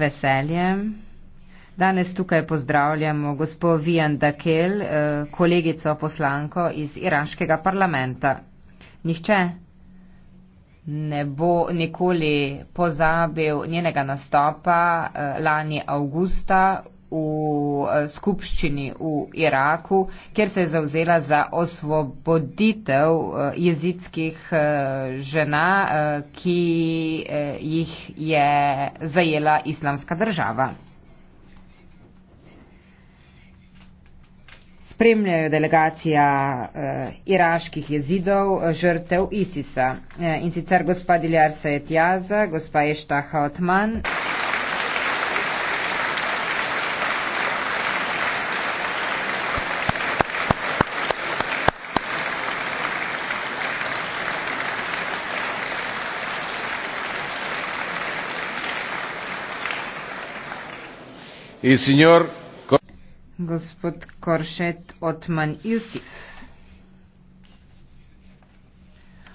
veseljem. Danes tukaj pozdravljamo gospo Vijan Dakel, eh, kolegico poslanko iz iraškega parlamenta. Nihče ne bo nikoli pozabil njenega nastopa eh, lani avgusta v eh, skupščini v Iraku, kjer se je zauzela za osvoboditev eh, jezidskih eh, žena, ki jih je zajela islamska država. Spremljajo delegacija eh, iraških jezidov žrtev ISIS-a. Eh, in sicer gospa Diljar Sajetjaza, gospa Ještaha Otman. in senjor gospod Koršet Otman Jusif.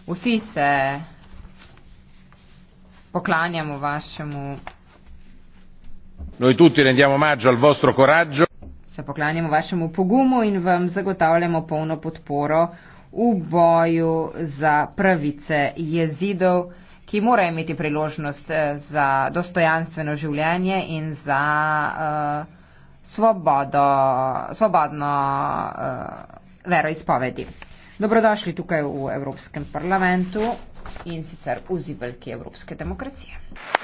Vsi se poklanjamo vašemu. Noi tutti rendiamo omaggio al vostro coraggio. Se poklanjamo vašemu pogumu in vam zagotavljamo polno podporo v boju za pravice jezidov ki morajo imeti priložnost eh, za dostojanstveno življenje in za uh, svobodo, svobodno uh, veroizpovedi. Dobrodošli tukaj v Evropskem parlamentu in sicer v zibelki Evropske demokracije.